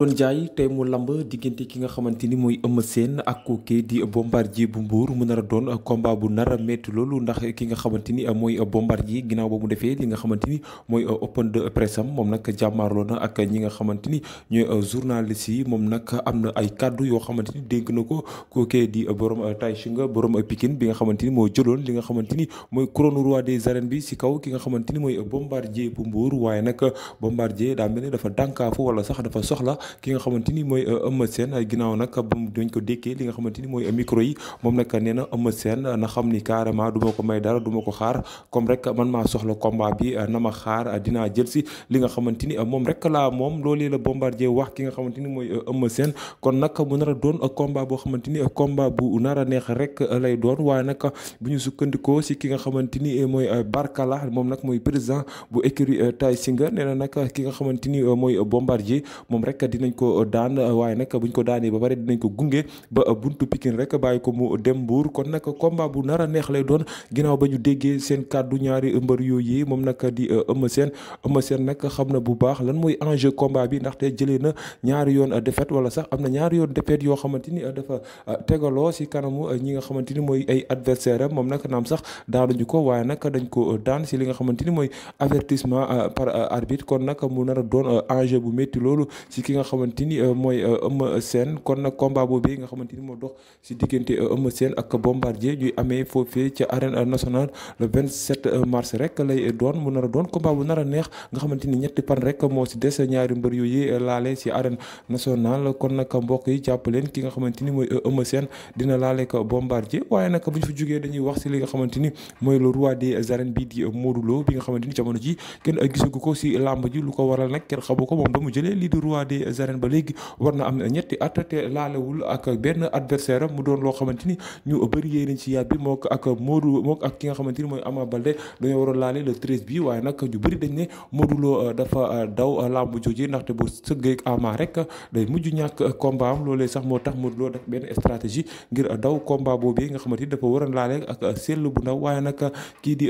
doon jaay tey mu lamb diggante ki nga xamante ni mooy Eumeu Sène ak kooku di Bombardier bu Mbour mu nar a doon combat bu nar a métti ndax ki nga xamante ni mooy Bombardier ginnaaw ba mu defee li nga xamante ni mooy open de presse moom nag jàmmaarloo na ak ñi nga xamante ni ñooy journaliste yi moom nag am na ay kàddu yoo xamante ni dénk na ko kooku di borom Taïchinga borom Pikine bi nga xamante ni moo jëloon li nga xamante ni mooy couronne roi des arènes bi si kaw ki nga xamante ni mooy Bombardier bu Mbour waaye nag Bombardier daa mel ni dafa dànkaafu wala sax dafa soxla. ki nga xamante ni mooy euh, Eumeu Sène ginnaaw nag ba mu dañ ko dékkee li nga xamante ni mooy euh, micro yi moom nag nee na Eumeu Sène na xam ni carrément du ma ko may dara du ko xaar comme rek man maa soxla combat bi euh, na ma xaar dinaa jël si li nga xamante ni moom rek laa moom loolee la bombardier wax ki nga xamante ni mooy Eumeu Sène kon nag mu a doon combat boo xamante ni combat bu nar a neex rek lay doon waaye nag bu ñu sukkandikoo si ki nga xamante ni mooy Barkala moom nag mooy président bu écurie Tay Shinger nee na nag ki nga xamante ni mooy bombardier moom rek dinañ ko daan waaye nag buñ ko daanee ba pare nañ ko gunge ba buntu Pikine rek bàyyi ko mu dem Mbour kon nag komba bu nar a neex lay doon ginnaaw ba ñu déggee seen kàddu ñaari mbër yooyu moom nag di uh, Eumeu Sène Eumeu Sène nag xam na bu baax lan mooy enjeu combat bi ndaxte jëlee na ñaari yoon défaite wala sax am na ñaari yoon défaite yoo xamante ni dafa uh, tegaloo si kanamu ñi nga xamante ni mooy ay adversaire am moom nag naam sax daanuñu ko waaye nag dañ ko daan si li nga xamante ni mooy avertissement uh, par arbitre kon nag mu nar a doon enjeu bu métti loolu si ki xamante ni euh, mooy euh, Eumeu Sène kon nag combat boobee nga xamante ni moo dox si diggante euh, Eumeu Sène ak Bombardier ñuy amee foofee ca arène nationale le 27 mars rek lay doon mu nar a doon combat bu nar a neex nga xamante ni ñetti pan rek moo si des ñaari mbër yooyu laale si arène nationale kon nag mbokk yi jàpp leen ki nga xamante ni mooy Eumeu Sène dina laale ko Bombardier waaye nag bu ñu fa jógee dañuy wax si li nga xamante ni mooy bi di Modou bi nga xamante ni jamono ji kenn ko si làmb ji lu ko waral nag kenn xamu ko moom ba mu jëlee lii di roi des des arènes ba léegi war na am ñetti at te laalewul ak benn adversaire am mu doon loo xamante ni ñu bëri yéen ci yàb bi mook ak Modou mook ak ki nga xamante ni mooy Ama Baldé dañoo waroon laale le 13 bi waaye nag ñu bëri dañ ne Modou Lo euh, dafa euh, daw euh, làmb jooju ndaxte bu sëggee Ama rek day mujj ñàkk combat am sax moo tax Modou def benn stratégie ngir daw combat boobu nga xamante ni dafa waroon laale ak seetlu bu ndaw waaye nag kii di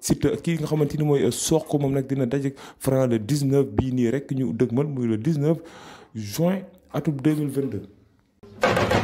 Siteu kii nga xamante ni mooy Sokh moom nag dina daje Franc le 19 bii nii rek ñu dëgmal muy le 19 juin atub atum 2022